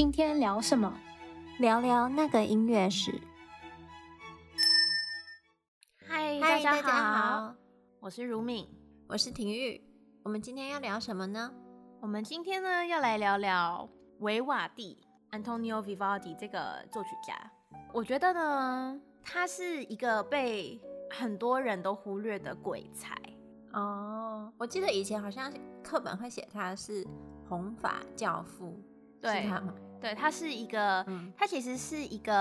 今天聊什麼？聊聊那個音樂史。嗨，Hi, Hi, 大家大家好，我是如敏，我是婷玉。我們今天要聊什麼呢？我們今天呢要來聊聊維瓦蒂· a n t o n i o Vivaldi） 這個作曲家。我覺得呢，他是一個被很多人都忽略的鬼才。哦，oh. 我記得以前好像課本會寫他是紅法教父。對，他對，他是一個，嗯、他其實是一個，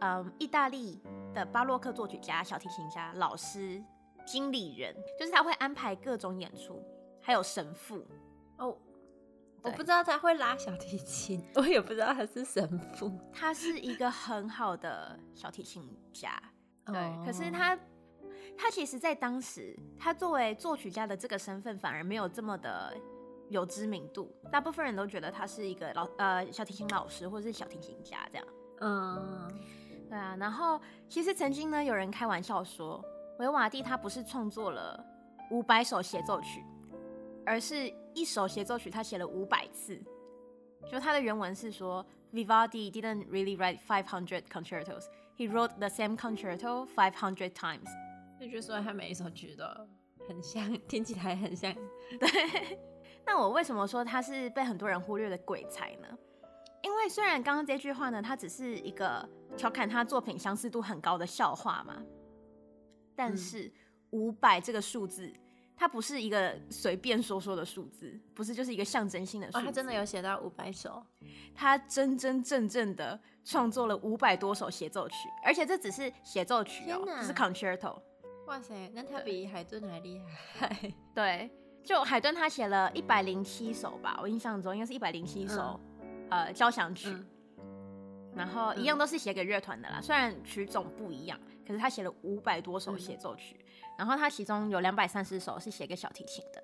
嗯，意大利的巴洛克作曲家、小提琴家、老師、經理人，就是他會安排各種演出，還有神父哦，oh, 對我不知道他會拉小提琴，我也不知道他是神父，他是一個很好的小提琴家， 對，oh、可是他，他其實，在當時，他作為作曲家的這個身份反而沒有這麼的。有知名度，大部分人都覺得他是一個老呃、小提琴老師或者是小提琴家這樣。嗯，對啊。然後其實曾經呢，有人開玩笑說，韋瓦第他不是創作了五百首協奏曲，而是一首協奏曲他寫了五百次。就他的原文是說，Vivaldi didn't really write five hundred concertos. He wrote the same concerto five hundred times. 就就說他每一首曲都很像，聽起來很像， 對。那我為什麼說他是被很多人忽略的鬼才呢？因為雖然剛剛這句話呢，它只是一個調侃他作品相似度很高的笑話嘛，但是五百這個數字，它不是一個隨便說說的數字，不是就是一個象徵性的數字。哦，他真的有寫到五百首，他真真正正的創作了五百多首協奏曲，而且這只是協奏曲喔，哪這是 concerto。哇塞，那他比海頓還厲害。對。 對就海頓，他寫了一百零七首吧，我印象中應該是一百零七首，嗯、呃，交響曲。嗯、然後一樣都是寫給樂團的啦，嗯、雖然曲種不一樣，可是他寫了五百多首協奏曲，嗯、然後他其中有兩百三十首是寫給小提琴的，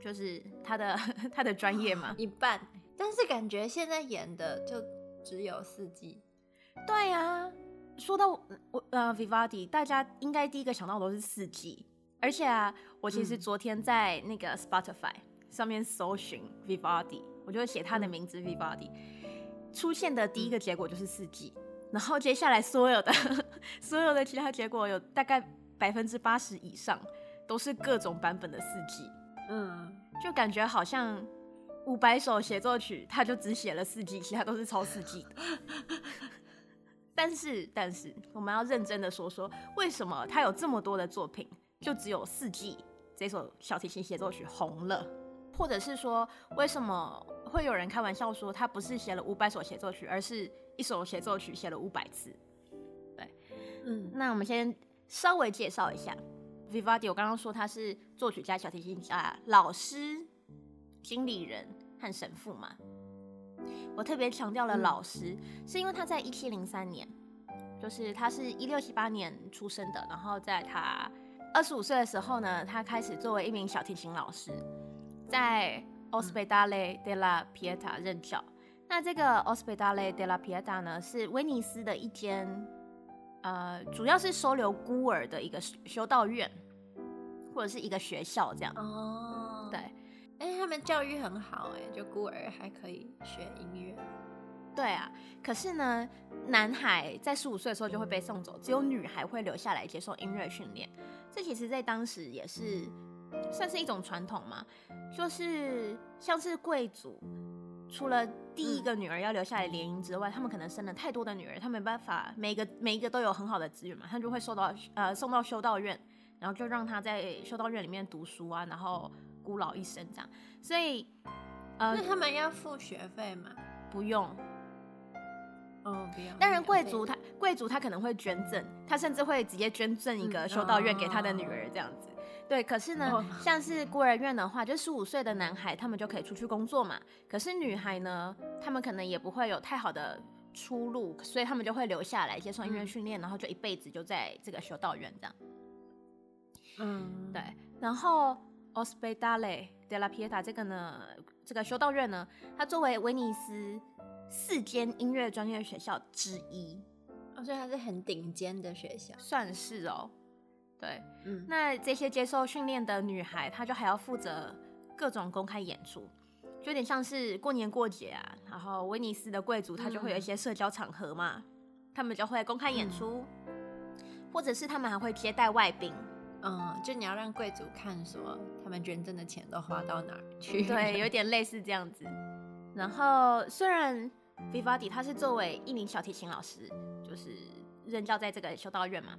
就是他的他的專業嘛、嗯，一半。 但是感覺現在演的就只有四季，對呀、啊。說到我，我呃，Vivaldi，大家應該第一個想到的都是四季。而且啊，我其實昨天在那個 Spotify 上面搜尋 Vivaldi 我就寫他的名字 Vivaldi 出現的第一個結果就是四季，嗯、然後接下來所有的 所有的其他結果有大概百分之八十以上都是各種版本的四季，嗯，就感覺好像五百首協奏曲，他就只寫了四季，其他都是抄四季的 但、但是但是我們要認真的說說，為什麼他有這麼多的作品？就只有四季這首小提琴協奏曲紅了，或者是說，為什麼會有人開玩笑說他不是寫了五百首協奏曲，而是一首協奏曲寫了五百次？對，嗯，那我們先稍微介紹一下 Vivaldi，我剛剛說他是作曲家、小提琴家、老師、經理人和神父嘛。我特別強調了老師，嗯、是因為他在一七零三年，就是他是一六七八年出生的，然後在他。二十五歲的時候呢，他開始作為一名小提琴老師，在 Ospedale della Pietà 任教。嗯、那這個 Ospedale della Pietà 呢，是威尼斯的一間呃，主要是收留孤兒的一個修,修道院，或者是一個學校這樣。哦，對、欸，他們教育很好、欸，哎，就孤兒還可以學音樂。對啊，可是呢，男孩在十五歲的時候就會被送走，嗯、只有女孩會留下來接受音樂訓練。這其實，在當時也是算是一種傳統嘛，就是像是貴族，除了第一個女兒要留下來聯姻之外，他們、嗯、可能生了太多的女兒，他沒辦法，每個每一個都有很好的資源嘛，他就會送到呃送到修道院，然後就讓他在修道院裡面讀書啊，然後孤老一生這樣。所以，呃，那他們要付學費嗎？呃、不用。哦，不要。當然，貴族他貴 Okay. 族他可能會捐贈，他甚至會直接捐贈一個修道院給他的女兒這樣子。Oh. 對，可是呢，oh. 像是孤兒院的話，就十五歲的男孩他們就可以出去工作嘛。可是女孩呢，他們可能也不會有太好的出路，所以他們就會留下來接受音樂訓練，oh. 然後就一輩子就在這個修道院這樣。嗯，oh. 對。然後 Ospedale della Pietà 這個呢，這個修道院呢，它作為威尼斯。四間音樂專業學校之一，哦、所以它是很頂尖的學校，算是哦。對，嗯，那這些接受訓練的女孩，她就還要負責各種公開演出，就有點像是過年過節啊，然後威尼斯的貴族，他就會有一些社交場合嘛，嗯、他們就會公開演出，嗯、或者是他們還會接待外賓，嗯，就你要讓貴族看說他們捐贈的錢都花到哪兒去，對，有點類似這樣子。然後雖然。v i v a d i → Vivaldi 他是作為一名小提琴老師，嗯、就是任教在這個修道院嘛。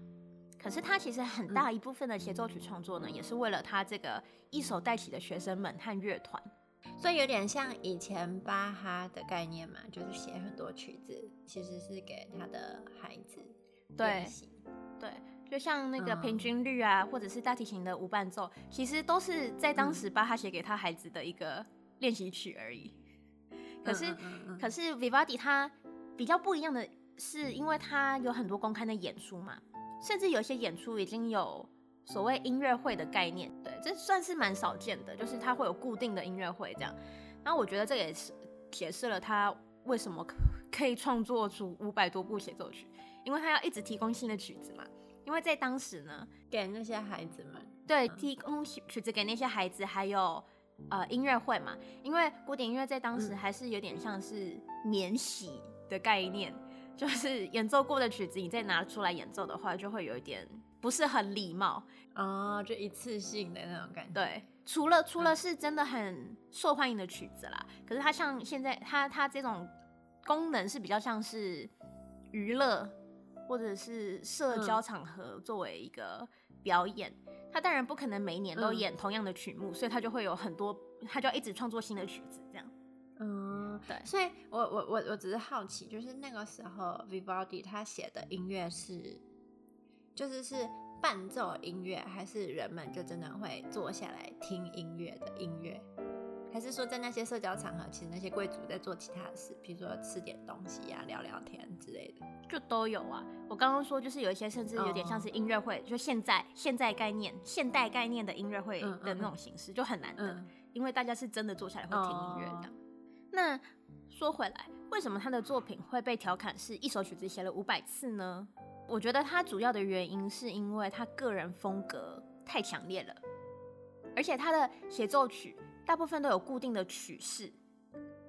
可是他其實很大一部分的協奏曲創作呢，嗯、也是為了他這個一手帶起的學生們和樂團，所以有點像以前巴哈的概念嘛，就是寫很多曲子其實是給他的孩子練習。對。對，就像那個平均律啊，嗯、或者是大提琴的無伴奏，其實都是在當時巴哈寫給他孩子的一個練習曲而已。可是，嗯嗯嗯嗯可是，Vivaldi 他比較不一樣的是，因為他有很多公開的演出嘛，甚至有些演出已經有所謂音樂會的概念，對，這算是蠻少見的，就是他會有固定的音樂會這樣。那我覺得這也是解釋了他為什麼可以創作出五百多部協奏曲，因為他要一直提供新的曲子嘛，因為在當時呢，給那些孩子們，對，提供曲子給那些孩子，還有。呃，音樂會嘛，因為古典音樂在當時還是有點像是免洗的概念，嗯、就是演奏過的曲子，你再拿出來演奏的話，就會有一點不是很禮貌啊、哦，就一次性的那種感覺。對，除了除了是真的很受歡迎的曲子啦，嗯、可是它像現在它它這種功能是比較像是娛樂。或者是社交場合作為一個表演，嗯、他當然不可能每年都演同樣的曲目，嗯、所以他就會有很多，他就一直創作新的曲子這樣。嗯，對。所以我，我我我我只是好奇，就是那個時候，Vivaldi 他寫的音樂是，就是是伴奏音樂，還是人們就真的會坐下來聽音樂的音樂？還是說，在那些社交場合，其實那些貴族在做其他的事，比如說吃點東西呀、啊、聊聊天之類的，就都有啊。我剛剛說，就是有一些甚至有點像是音樂會，嗯、就現在、現在概念、現代概念的音樂會的那種形式，嗯嗯、就很難得，嗯、因為大家是真的坐下來會聽音樂的。嗯、那說回來，為什麼他的作品會被調侃是一首曲子寫了五百次呢？我覺得他主要的原因是因為他個人風格太強烈了，而且他的協奏曲。大部分都有固定的曲式，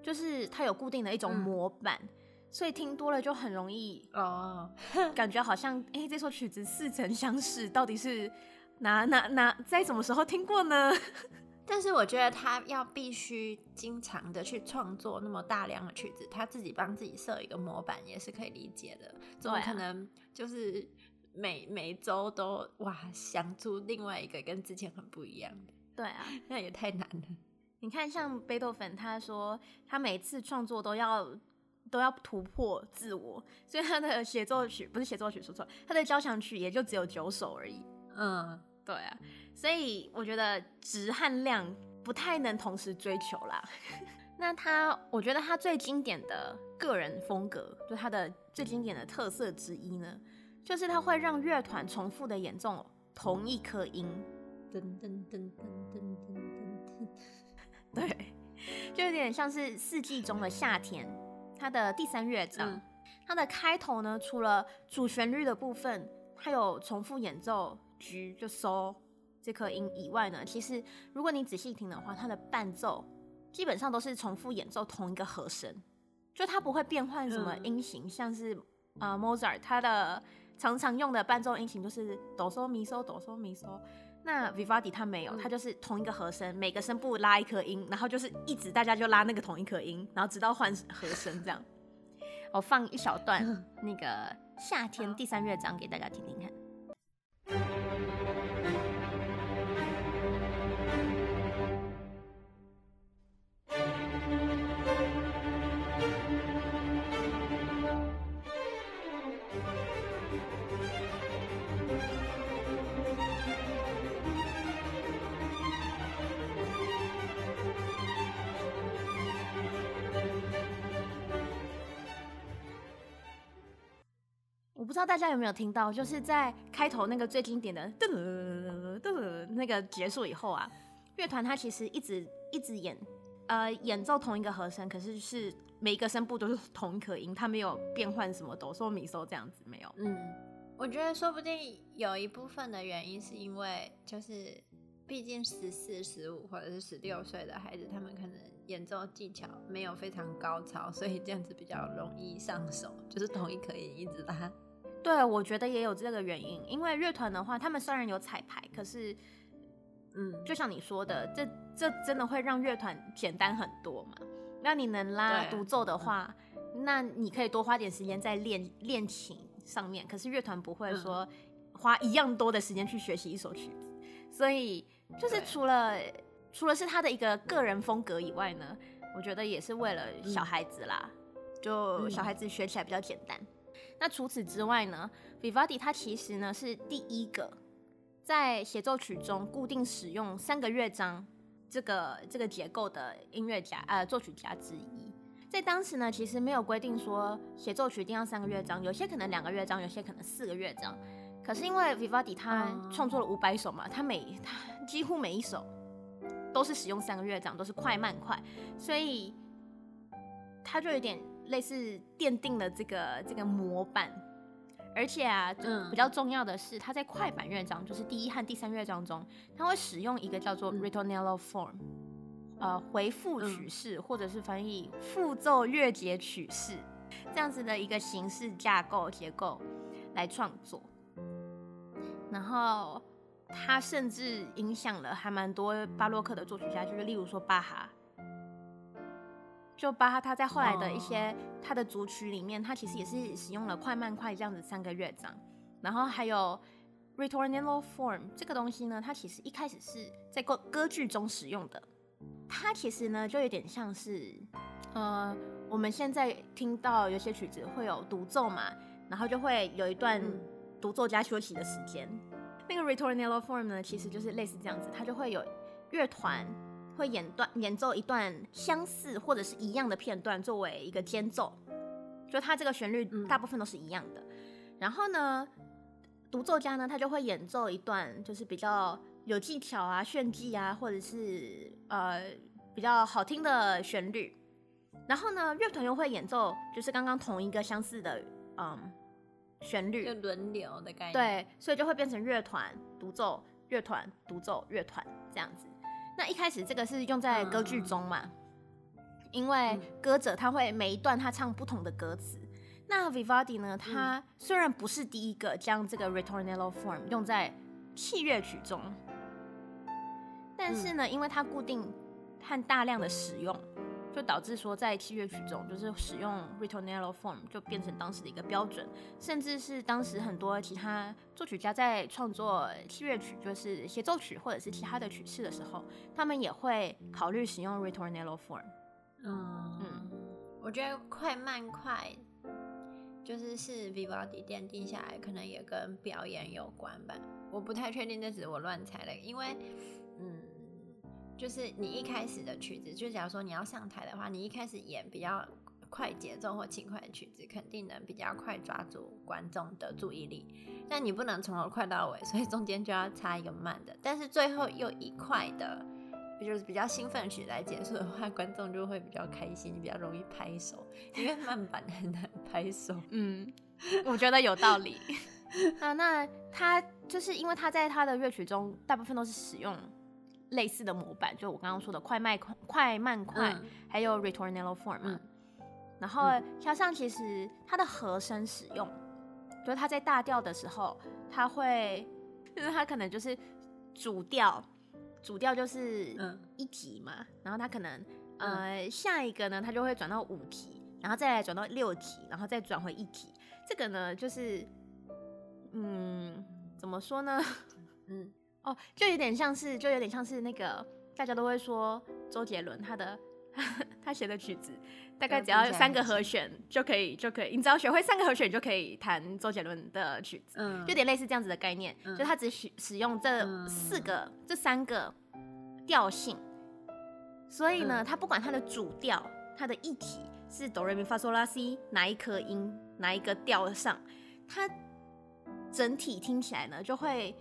就是它有固定的一種模板，嗯、所以聽多了就很容易哦， 感覺好像誒、欸，這首曲子似曾相識，到底是哪哪哪在什麼時候聽過呢？ 但是我覺得他要必須經常的去創作那麼大量的曲子，他自己幫自己設一個模板也是可以理解的。怎麼可能就是每、啊、每周都哇想出另外一個跟之前很不一樣的？對啊，那也太難了。你看，像貝多芬，他說他每次創作都要都要突破自我，所以他的協奏曲不是協奏曲，說錯了，他的交響曲也就只有九首而已。嗯，對啊，所以我覺得質和量不太能同時追求啦。那他，我覺得他最經典的個人風格，就他的最經典的特色之一呢，就是他會讓樂團重複的演奏同一顆音。噔噔噔噔噔噔噔噔。對，就有點像是四季中的夏天，它的第三樂章，嗯、它的開頭呢，除了主旋律的部分，它有重複演奏 G 就 So 這顆音以外呢，其實如果你仔細聽的話，它的伴奏基本上都是重複演奏同一個和聲，就它不會變換什麼音型，嗯、像是、呃、Mozart 他的常常用的伴奏音型就是哆嗦咪嗦哆嗦咪嗦。那 Vivaldi 它沒有，它就是同一個和聲，嗯、每個聲部拉一顆音，然後就是一直大家就拉那個同一顆音，然後直到換和聲這樣。 我放一小段 那個《夏天》第三樂章給大家聽聽看。不知道大家有沒有聽到，就是在開頭那個最經典的噔噔噔那個結束以後啊，樂團它其實一直一直演，呃，演奏同一個和聲，可是是每一個聲部都是同一顆音，它沒有變換什麼哆嗦咪嗦這樣子沒有。嗯，我覺得說不定有一部分的原因是因為，就是畢竟十四、十五或者是十六歲的孩子，他們可能演奏技巧沒有非常高超，所以這樣子比較容易上手，就是同一顆音一直拉。 對，我覺得也有這個原因，因為樂團的話，他們雖然有彩排，可是，嗯，就像你說的，這這真的會讓樂團簡單很多嘛。那你能拉獨奏的話，嗯、那你可以多花點時間在練練琴上面。可是樂團不會說花一樣多的時間去學習一首曲子，嗯、所以就是除了對除了是他的一個個人風格以外呢，我覺得也是為了小孩子啦，嗯、就小孩子學起來比較簡單。嗯那除此之外呢？Vivaldi 他其實呢是第一個在協奏曲中固定使用三個樂章這個這個結構的音樂家呃，作曲家之一。在當時呢，其實沒有規定說協奏曲一定要三個樂章，有些可能兩個樂章，有些可能四個樂章。可是因為 Vivaldi 他創作了五百首嘛，uh、他每他幾乎每一首都是使用三個樂章，都是快慢快，所以他就有點。類似奠定了這個這個模板，而且啊，就比較重要的是，他、嗯、在快板樂章，就是第一和第三樂章中，他會使用一個叫做 ritornello form，、嗯呃、回復曲式或者是翻譯複奏樂節曲式這樣子的一個形式架構結構來創作。然後他甚至影響了還蠻多巴洛克的作曲家，就是例如說巴哈。就包括他在後來的一些他的組曲裡面，oh. 他其實也是使用了快慢快這樣子三個樂章，然後還有 ritornello form 這個東西呢，它其實一開始是在歌歌劇中使用的，它其實呢就有點像是，呃，我們現在聽到有些曲子會有獨奏嘛，然後就會有一段獨奏加休息的時間，嗯、那個 ritornello form 呢，其實就是類似這樣子，它就會有樂團。會演段演奏一段相似或者是一樣的片段作為一個間奏，就它這個旋律大部分都是一樣的。嗯、然後呢，獨奏家呢，他就會演奏一段就是比較有技巧啊、炫技啊，或者是呃比較好聽的旋律。然後呢，樂團又會演奏就是剛剛同一個相似的嗯旋律，就輪流的概念。對，所以就會變成樂團獨奏，樂團獨奏，樂團、獨奏樂團這樣子。那一開始這個是用在歌劇中嘛？嗯、因為歌者他會每一段他唱不同的歌詞。嗯、那 Vivaldi 呢？嗯、他雖然不是第一個將這個 Ritornello form 用在器樂曲中，嗯、但是呢，因為他固定和大量的使用。就導致說，在器樂曲中，就是使用 ritornello form 就變成當時的一個標準，甚至是當時很多其他作曲家在創作器樂曲，就是協奏曲或者是其他的曲式的時候，他們也會考慮使用 ritornello form。嗯嗯，嗯我覺得快慢快，就是是 Vivaldi 奠定下來，可能也跟表演有關吧，我不太確定，這只是我亂猜了，因為嗯。就是你一開始的曲子，就假如說你要上台的話，你一開始演比較快節奏或輕快的曲子，肯定能比較快抓住觀眾的注意力。但你不能從頭快到尾，所以中間就要插一個慢的。但是最後又以快的，就是比較興奮的曲來結束的話，觀眾就會比較開心，比較容易拍手，因為慢板很難拍手。 嗯，我覺得有道理。啊， uh, 那他就是因為他在他的樂曲中，大部分都是使用。類似的模板，就我剛剛說的快慢快慢快，嗯、還有 ritornello form 嘛。嗯、然後加上、嗯、其實它的和聲使用，就是它在大調的時候，它會，就是它可能就是主調，主調就是一體嘛。嗯、然後它可能呃、嗯、下一個呢，它就會轉到五體，然後再轉到六體，然後再轉回一體。這個呢，就是嗯，怎麼說呢？嗯。哦，oh, 就有點像是，就有點像是那個大家都會說周杰倫他的呵呵他寫的曲子，大概只要有三個和弦就可以，嗯、就可以，你只要學會三個和弦，就可以彈周杰倫的曲子，嗯、就有點類似這樣子的概念，嗯、就他只使使用這四個，嗯、這三個調性，嗯、所以呢，他不管他的主調，嗯、他的一體是哆來咪發嗦拉西哪一顆音，哪一個調上，它整體聽起來呢就會。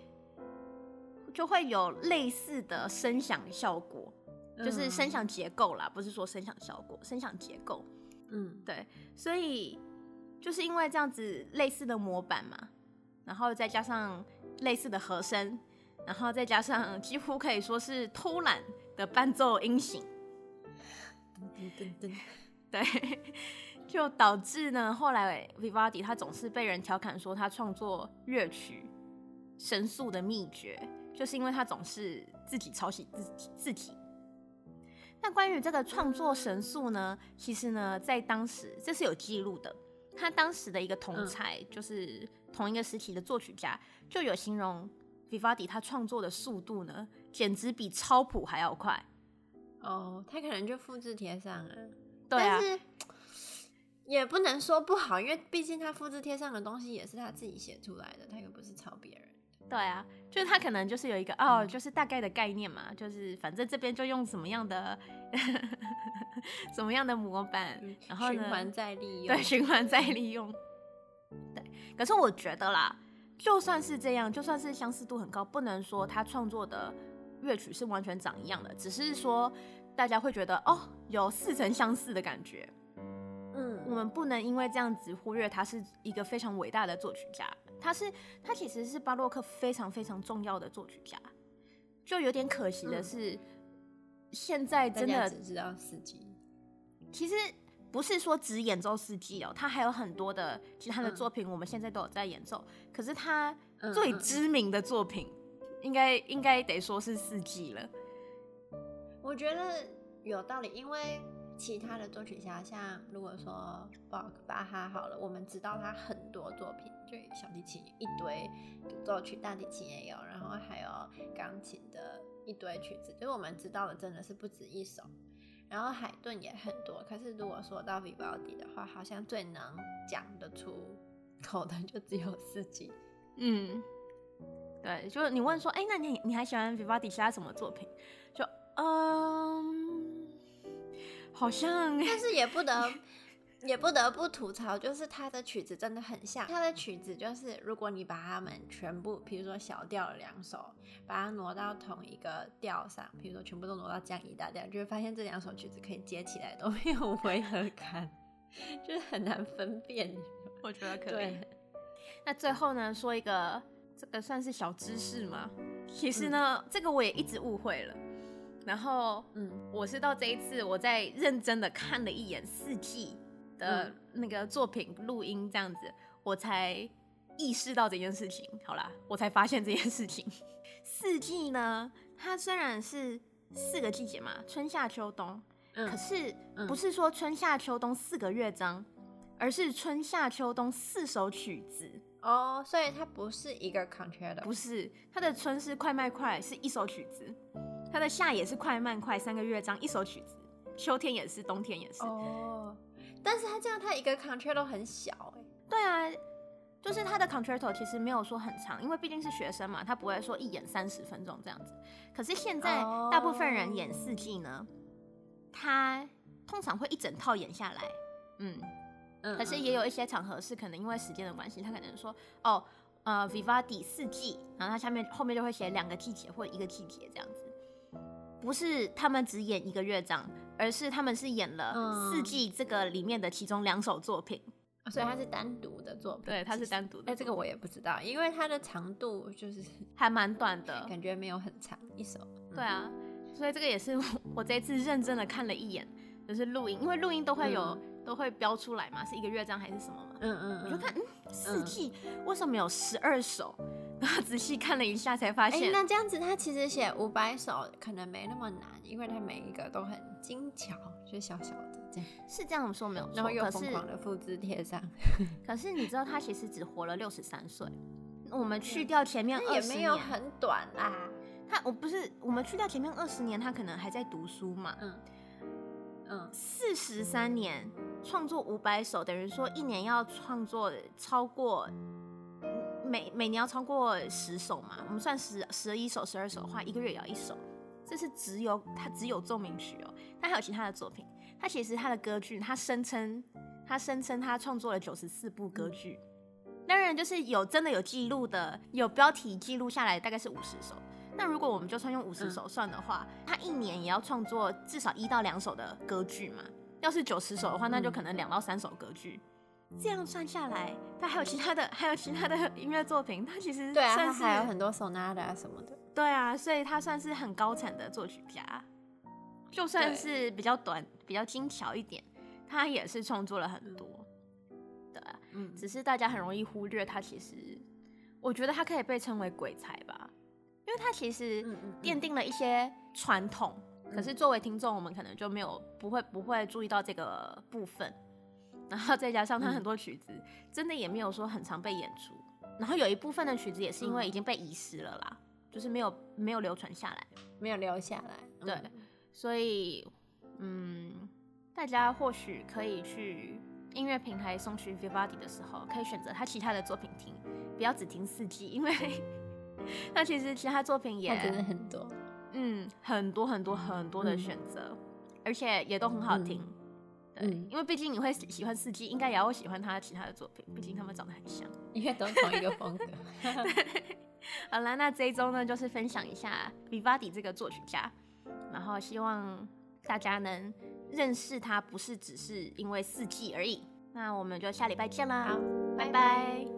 就會有類似的聲響效果，嗯、就是聲響結構啦，不是說聲響效果，聲響結構。嗯，對，所以就是因為這樣子類似的模板嘛，然後再加上類似的和聲，然後再加上幾乎可以說是偷懶的伴奏音型，噔噔噔噔，嗯嗯嗯、對，就導致呢，後來韋瓦第他總是被人調侃說他創作樂曲神速的秘訣。就是因為他總是自己抄襲自己自己。那關於這個創作神速呢，嗯、其實呢，在當時這是有記錄的。他當時的一個同才，嗯、就是同一個時期的作曲家，就有形容 Vivaldi 他創作的速度呢，簡直比抄譜還要快。哦，他可能就複製貼上啊。對啊。但是也不能說不好，因為畢竟他複製貼上的東西也是他自己寫出來的，他又不是抄別人。對啊，就是他可能就是有一個哦，就是大概的概念嘛，就是反正這邊就用什麼樣的 什麼樣的模板，然後呢，循環再利用，對，循環再利用，對。可是我覺得啦，就算是這樣，就算是相似度很高，不能說他創作的樂曲是完全長一樣的，只是說大家會覺得哦，有似曾相識的感覺。嗯，我們不能因為這樣子忽略他是一個非常偉大的作曲家。他是他其實是巴洛克非常非常重要的作曲家，就有點可惜的是，嗯、現在真的只知道四季。其實不是說只演奏四季哦，他還有很多的其他的作品，我們現在都有在演奏。嗯、可是他最知名的作品，嗯嗯應該應該得說是四季了。我覺得有道理，因為其他的作曲家，像如果說巴克、巴哈，好了，我們知道他很。作品就小提琴一堆獨奏曲，大提琴也有，然後還有鋼琴的一堆曲子，就是我們知道的真的是不止一首。然後海頓也很多，可是如果說到 v 維瓦蒂的話，好像最能講得出口的就只有四季。嗯，對，就是你問說，哎，那你你還喜歡 v 維瓦蒂其他什麼作品？就嗯，好像，但是也不能。 也不得不吐槽，就是他的曲子真的很像。他的曲子就是，如果你把它們全部，比如說小調兩首，把它挪到同一個調上，比如說全部都挪到降 E 大調，就會發現這兩首曲子可以接起來都沒有違和感， 就是很難分辨。 我覺得可以。對那最後呢，說一個這個算是小知識嗎？嗯、其實呢，這個我也一直誤會了。然後，嗯，我是到這一次，我在認真的看了一眼四季。的那個作品錄、嗯、音這樣子，我才意識到這件事情。好啦，我才發現這件事情。四季呢，它雖然是四個季節嘛，春夏秋冬，嗯、可是不是說春夏秋冬四個樂章，嗯、而是春夏秋冬四首曲子哦。Oh, 所以它不是一個 concerto 的，不是。它的春是快慢快，是一首曲子；它的夏也是快慢快三個樂章，一首曲子。秋天也是，冬天也是。Oh. 但是他這樣，他一個 concerto 很小哎、欸。對啊，就是他的 concerto 其實沒有說很長，因為畢竟是學生嘛，他不會說一演三十分鐘這樣子。可是現在大部分人演四季呢，oh. 他通常會一整套演下來，嗯，嗯嗯嗯，可是也有一些場合是可能因為時間的關係，他可能說，哦，呃，Vivaldi 四季，然後他下面後面就會寫兩個季節或一個季節這樣子，不是他們只演一個樂章。而是他們是演了四季這個裡面的其中兩首作品，嗯，對所以它是單獨的作品。對，它是單獨的。哎，欸，這個我也不知道，因為它的長度就是還蠻短的，感覺沒有很長一首。嗯，對啊，所以這個也是我這次認真的看了一眼，就是錄音，因為錄音都會有、嗯、都會標出來嘛，是一個樂章還是什麼嘛。嗯嗯，嗯嗯。我就看，嗯，四季，嗯、為什麼有十二首？ 仔細看了一下，才發現、欸。那這樣子，他其實寫五百首可能沒那麼難，因為他每一個都很精巧，就小小的，是這樣說沒有錯，然後又瘋狂的複製貼上。可是， 可是你知道，他其實只活了六十三歲。我們去掉前面20年、嗯、也沒有很短啊。他我不是，我們去掉前面二十年，他可能還在讀書嘛。嗯嗯，四十三年創、嗯、作五百首，等於說一年要創作超過。每每年要超過十首嘛，我們算十十一首、十二首的話，一個月也要一首。這是只有他只有奏鳴曲哦、喔，他還有其他的作品。他其實他的歌劇，他聲稱他聲稱他創作了九十四部歌劇。當然，就是有真的有記錄的，有標題記錄下來，大概是五十首。那如果我們就算用五十首算的話，他、嗯、一年也要創作至少一到兩首的歌劇嘛。要是九十首的話，那就可能兩到三首歌劇。這樣算下來，他還有其他的，嗯、還有其他的音樂作品。他其實算是對啊，還有很多 sonata 啊什麼的。對啊，所以他算是很高產的作曲家。就算是比較短，對比較精巧一點，他也是創作了很多的。嗯、只是大家很容易忽略他。其實，我覺得他可以被稱為鬼才吧，因為他其實奠定了一些傳統。嗯、可是作為聽眾，我們可能就沒有不會不會注意到這個部分。然後再加上他很多曲子，嗯、真的也沒有說很常被演出。然後有一部分的曲子也是因為已經被遺失了啦，嗯、就是沒有沒有流傳下來，沒有留下來。對，嗯、所以嗯，大家或許可以去音樂平台搜尋 Vivaldi 的時候，可以選擇他其他的作品聽，不要只聽四季，因為那對 其實其他作品也真的很多，嗯，很多很多很多的選擇，嗯、而且也都很好聽。嗯嗯，因為畢竟你會喜歡四季，應該也會喜歡他的其他的作品，畢竟他們長得很像，因為都同一個風格。 好啦，那這一周呢，就是分享一下 Vivaldi 這個作曲家，然後希望大家能認識他，不是只是因為四季而已。那我們就下禮拜見啦，好拜拜。拜拜。